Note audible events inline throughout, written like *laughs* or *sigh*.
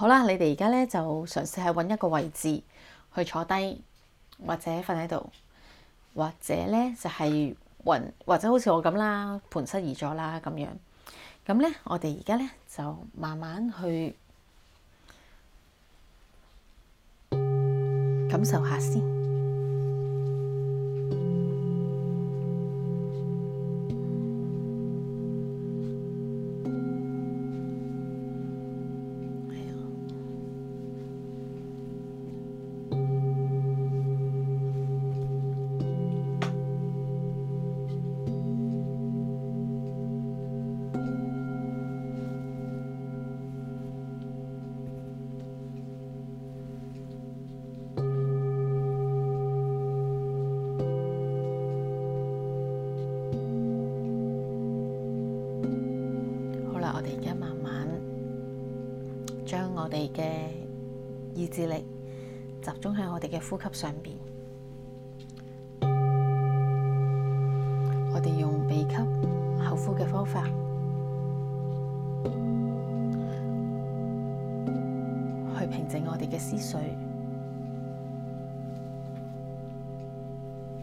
好啦，你哋而家咧就嘗試係揾一個位置去坐低，或者瞓喺度，或者咧就係暈，或者好似我咁啦，盤膝而坐啦咁樣。咁咧，我哋而家咧就慢慢去感受下先。我哋嘅意志力集中喺我哋嘅呼吸上邊。 *music* 我哋用鼻吸口呼嘅方法， *music* 去平靜我哋嘅思緒。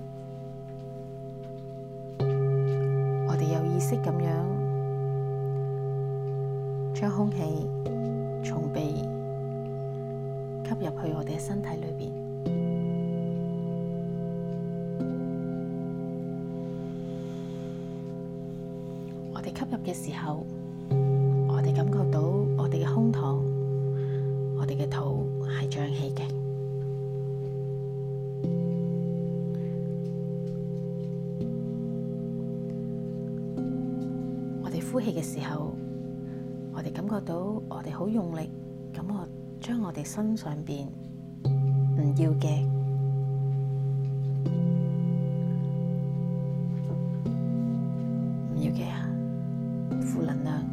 *music* 我哋有意識咁樣將空氣，從鼻吸入去我哋嘅身體裏邊，我哋吸入嘅時候，我哋感覺到我哋嘅胸膛、我哋嘅肚係脹氣嘅。我哋呼氣嘅時候。感覺到我哋好用力，咁我將我哋身上面唔要嘅唔要嘅啊，負能量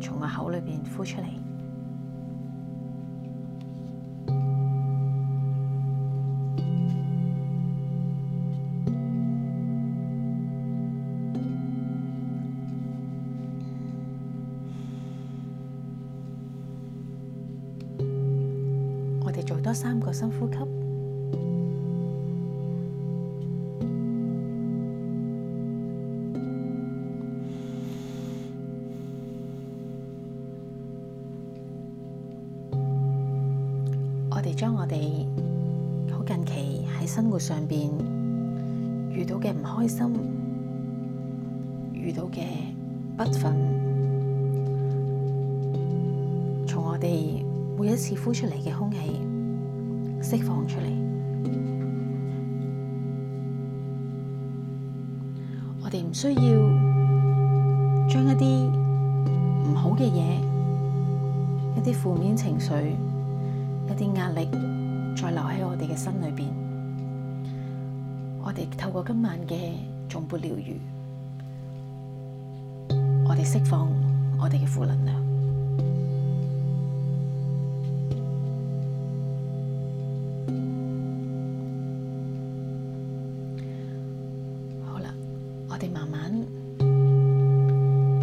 從我口裏面呼出嚟。三個深呼吸，我哋將我哋好近期喺生活上面遇到嘅唔開心、遇到嘅不忿，從我哋每一次呼出嚟嘅空氣，釋放出嚟，我哋唔需要將一啲唔好嘅嘢、一啲負面情緒、一啲壓力再留喺我哋嘅心裏邊。我哋透過今晚嘅頌缽療癒，我哋釋放我哋嘅負能量。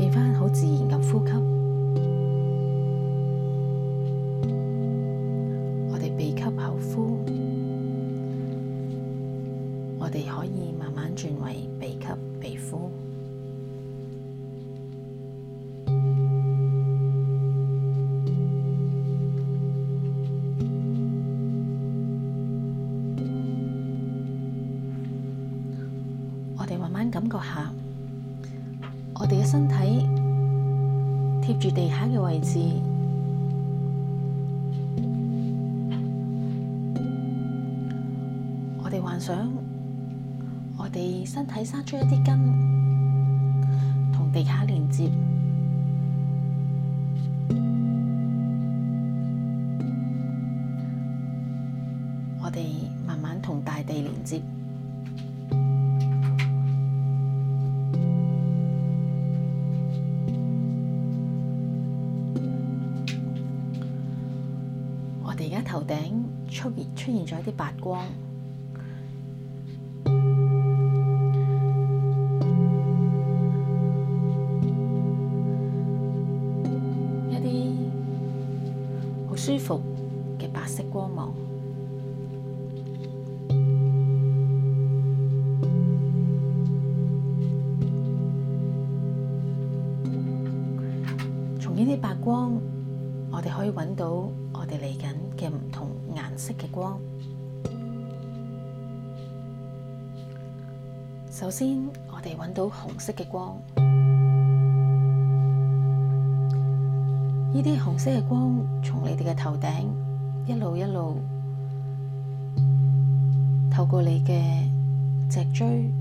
變翻好自然咁呼吸。地下連接，我哋慢慢同大地連接。我哋而家頭頂出出現咗一啲白光。呢啲白光，我哋可以揾到我哋嚟緊嘅唔同顏色嘅光。首先，我哋揾到紅色嘅光。呢啲紅色嘅光從你哋嘅頭頂一路一路透過你嘅脊椎。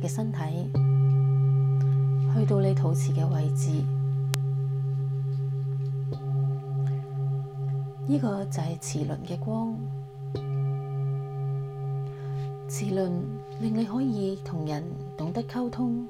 嘅身體去到你肚臍嘅位置，呢、這個就係臍輪嘅光，臍輪令你可以同人懂得溝通。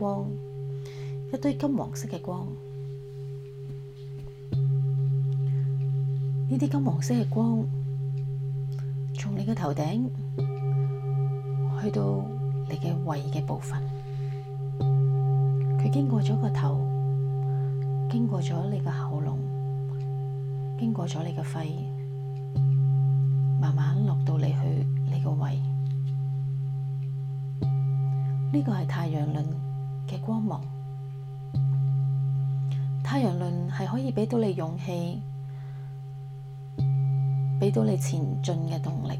光一堆金黃色嘅光，呢啲金黃色嘅光從你嘅頭頂去到你嘅胃嘅部分，佢經過咗個頭，經過咗你嘅喉嚨，經過咗你嘅肺，慢慢落到你去你個胃。呢、這個係太陽輪嘅光芒，太陽輪係可以畀到你勇氣，畀到你前進嘅動力，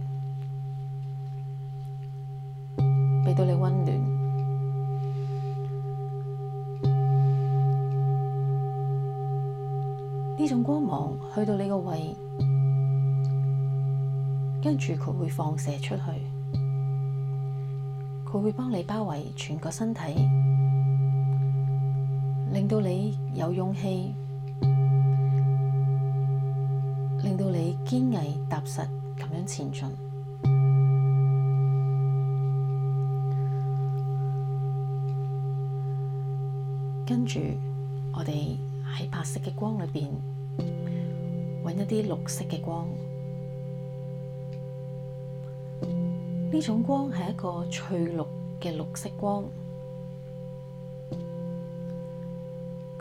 畀到你溫暖。呢種光芒去到你個胃，跟住佢會放射出去，佢會幫你包圍全個身體。令到你有勇氣，令到你堅毅踏實咁樣前進。跟住，我哋喺白色嘅光裏邊，搵一啲綠色嘅光。呢種光係一個翠綠嘅綠色光。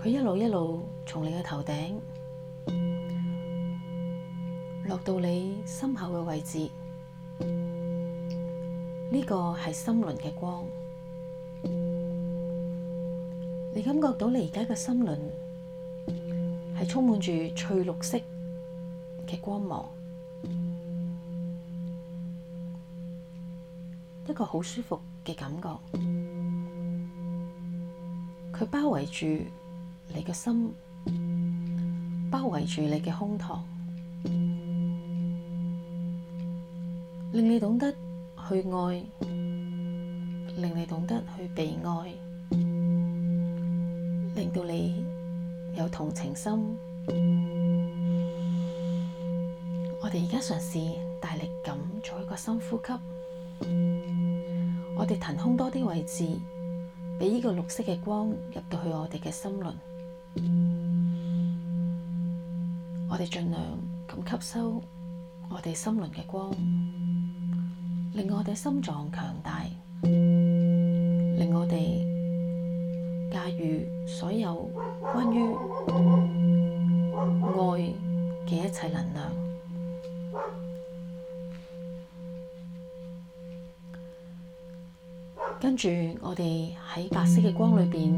佢一路一路從你嘅頭頂落到你心口嘅位置，呢個係心輪嘅光。你感覺到你而家嘅心輪係充滿住翠綠色嘅光芒，一個好舒服嘅感覺。佢包圍住，你嘅心包圍住你嘅胸膛，令你懂得去愛，令你懂得去被愛，令到你有同情心。我哋而家嘗試大力咁做一個深呼吸，我哋騰空多啲位置，畀呢個綠色嘅光入到去我哋嘅心輪。我哋盡量咁吸收我哋心靈嘅光，令我哋心臟強大，令我哋駕馭所有關於愛嘅一切能量。跟住我哋喺白色嘅光裏邊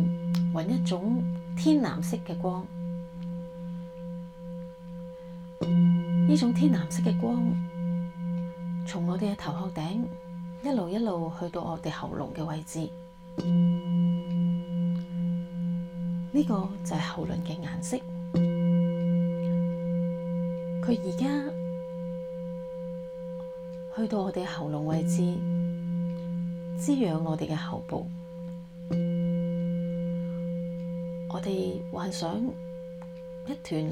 揾一種。天藍色嘅光，呢種天藍色嘅光，從我哋嘅頭殼頂一路一路去到我哋喉嚨嘅位置，呢、這個就係喉輪嘅顏色。佢而家去到我哋喉嚨位置，滋養我哋嘅喉部。我哋幻想一團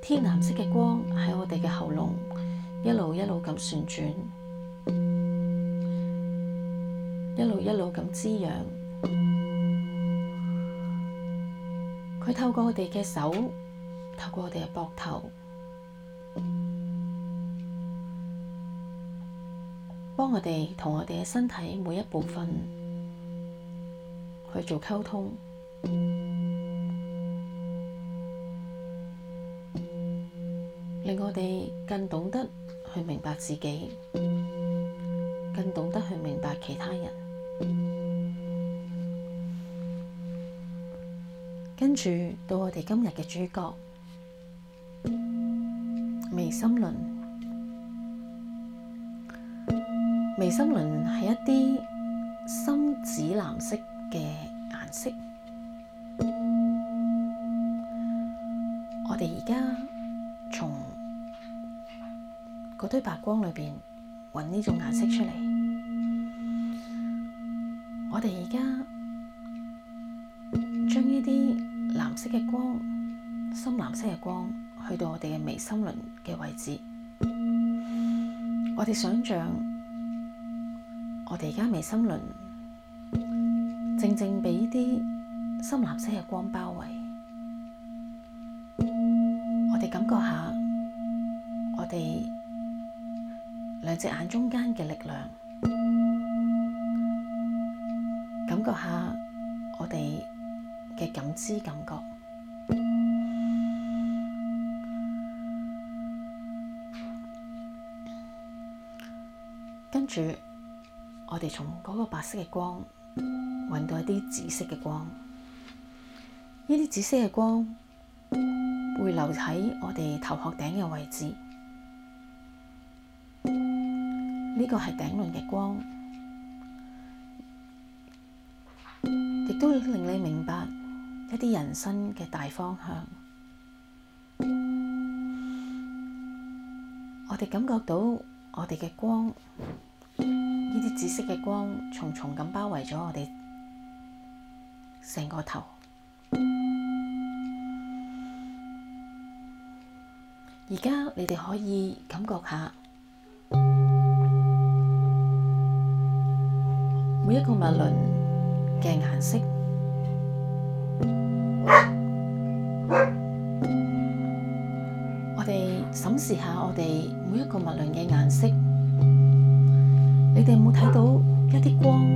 天藍色嘅光喺我哋嘅喉嚨一路一路咁旋轉，一路一路咁滋養。佢透過我哋嘅手，透過我哋嘅膊頭，幫我哋同我哋嘅身體每一部分去做溝通。令我哋更懂得去明白自己，更懂得去明白其他人。跟住到我哋今日嘅主角，眉心輪。眉心輪係一啲深紫藍色嘅顏色。堆白光裏面揾呢種顏色出嚟。我哋而家將呢啲藍色嘅光，深藍色嘅光去到我哋嘅眉心輪嘅位置。我哋想象，我哋而家眉心輪正正被呢啲深藍色嘅光包圍。隻眼中間嘅力量，感覺下我哋嘅感知感覺。跟住，我哋從嗰個白色嘅光搵到一啲紫色嘅光。呢啲紫色嘅光會留喺我哋頭殼頂嘅位置。呢個係頂輪嘅光，亦都令你明白一啲人生嘅大方向。我哋感覺到我哋嘅光，呢啲紫色嘅光重重咁包圍咗我哋成個頭。而家你哋可以感覺下。每一個脈輪嘅顏色， *laughs* 我哋審視下我哋每一個脈輪嘅顏色。你哋有冇睇到一啲光？ *laughs*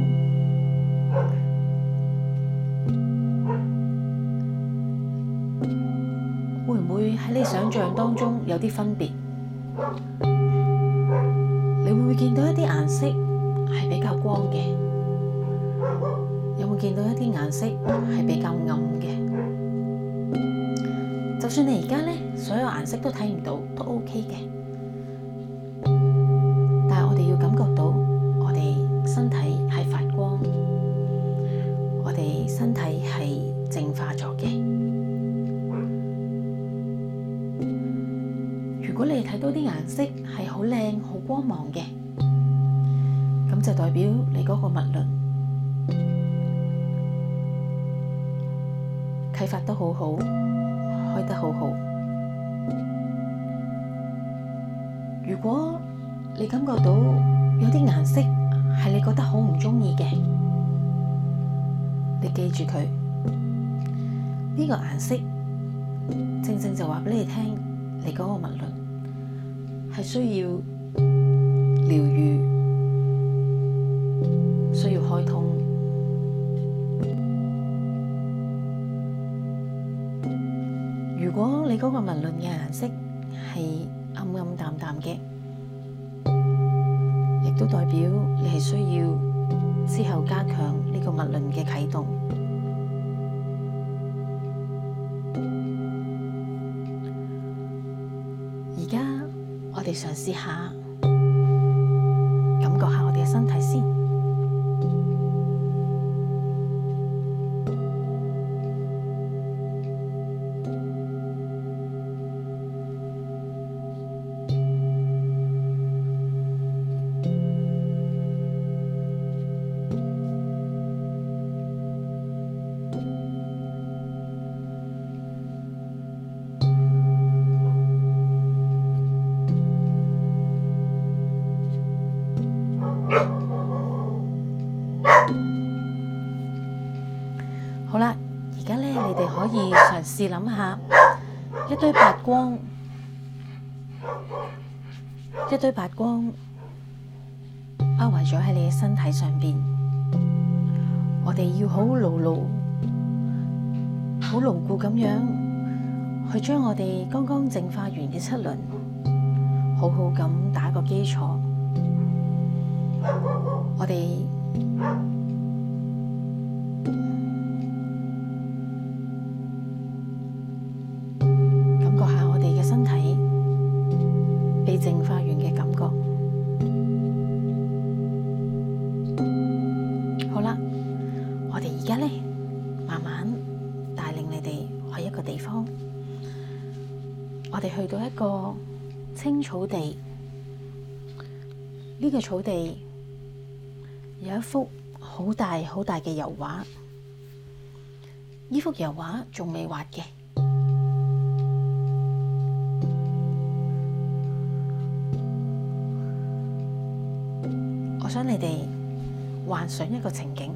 會唔會喺你想象當中有啲分別？你會唔會見到一啲顏色係比較光嘅？有冇見到一啲顏色係比較暗嘅？就算你而家咧，所有顏色都睇唔到，都 OK 嘅。你感覺到有啲顏色係你覺得好唔中意嘅，你記住佢呢個顏色，正正就話畀你聽，你嗰個脈輪係需要療癒，需要開通。如果你嗰個脈輪嘅顏色係暗暗淡淡嘅。都代表你係需要之後加強呢個脈輪嘅啟動。而家我哋嘗試下，感覺下我哋嘅身體先。諗下一堆白光，一堆白光，包圍咗喺你嘅身體上面。我哋要好牢牢、好牢固咁樣，去將我哋剛剛淨化完嘅七輪，好好咁打個基礎。我哋。個青草地，呢個草地有一幅好大好大嘅油畫，呢幅油畫仲未畫嘅。我想你哋幻想一個情景，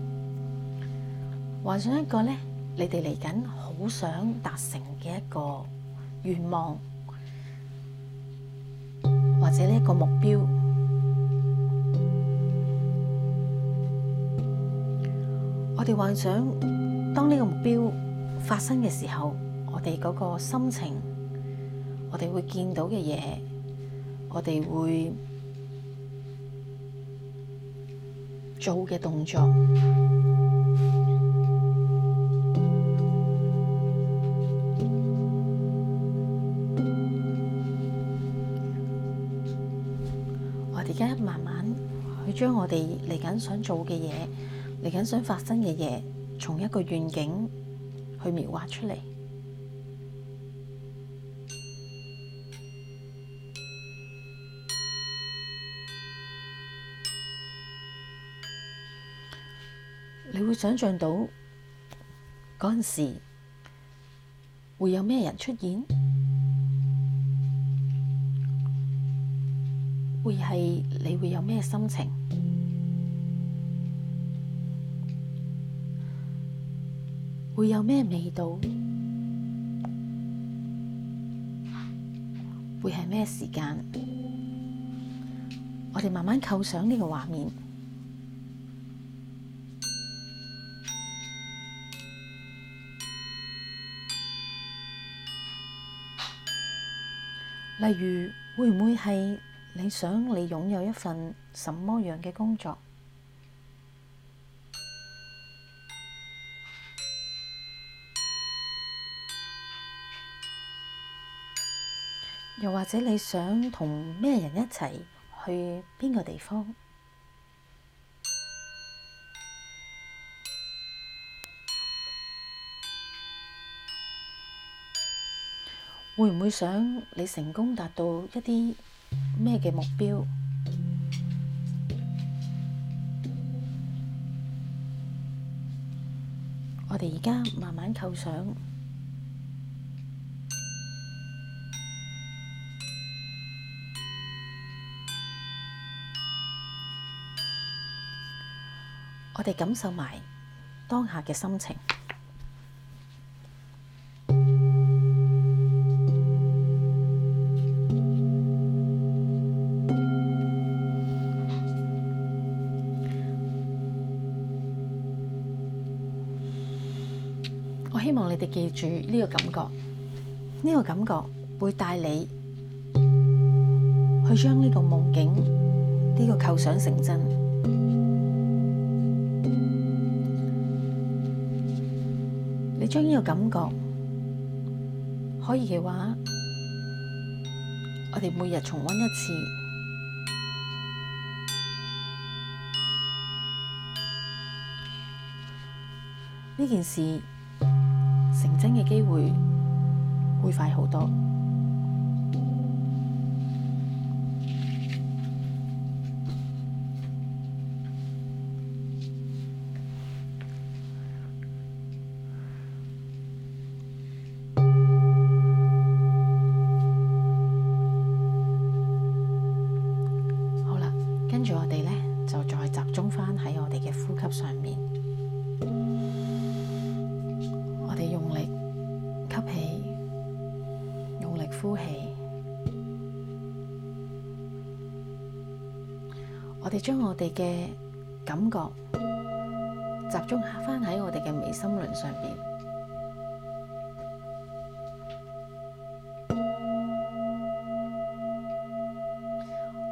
幻想一個呢，你哋嚟緊好想達成嘅一個願望。或者呢一個目標，我哋幻想當呢個目標發生嘅時候，我哋嗰個心情，我哋會見到嘅嘢，我哋會做嘅動作。將我哋嚟緊想做嘅嘢，嚟緊想發生嘅嘢，從一個願景去描畫出嚟。 *noise* 你會想象到嗰陣時會有咩人出現？會係你會有咩心情？會有咩味道？會係咩時間？我哋慢慢構想呢個畫面。例如，會唔會係？你想你擁有一份什麼樣嘅工作？又或者你想同咩人一齊去邊個地方？會唔會想你成功達到一啲咩嘅目標？我哋而家慢慢構想， *noise* 我哋感受埋當下嘅心情。你記住呢個感覺，呢個感覺會帶你去將呢個夢境呢個構想成真。你將呢個感覺可以嘅話，我哋每日重溫一次呢件事。成真嘅機會會快好多。心輪上面，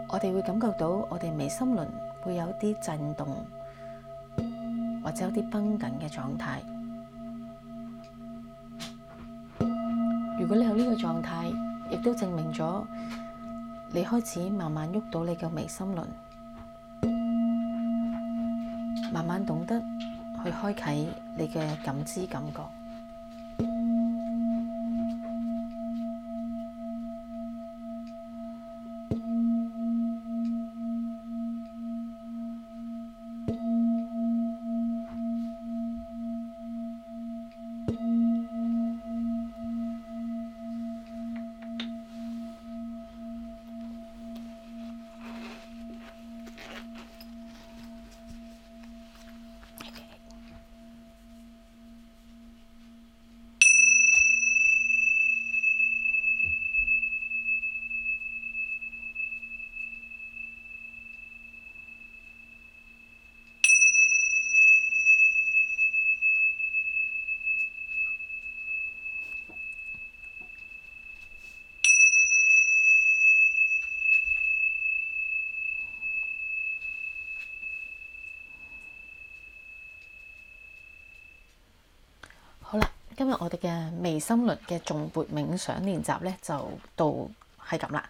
我哋會感覺到我哋眉心輪會有啲震動，或者有啲繃緊嘅狀態。如果你有呢個狀態，亦都證明咗你開始慢慢喐到你嘅眉心輪，慢慢懂得。去開啟你嘅感知感覺。好啦，今日我哋嘅眉心輪嘅頌缽冥想練習咧，就到係咁啦。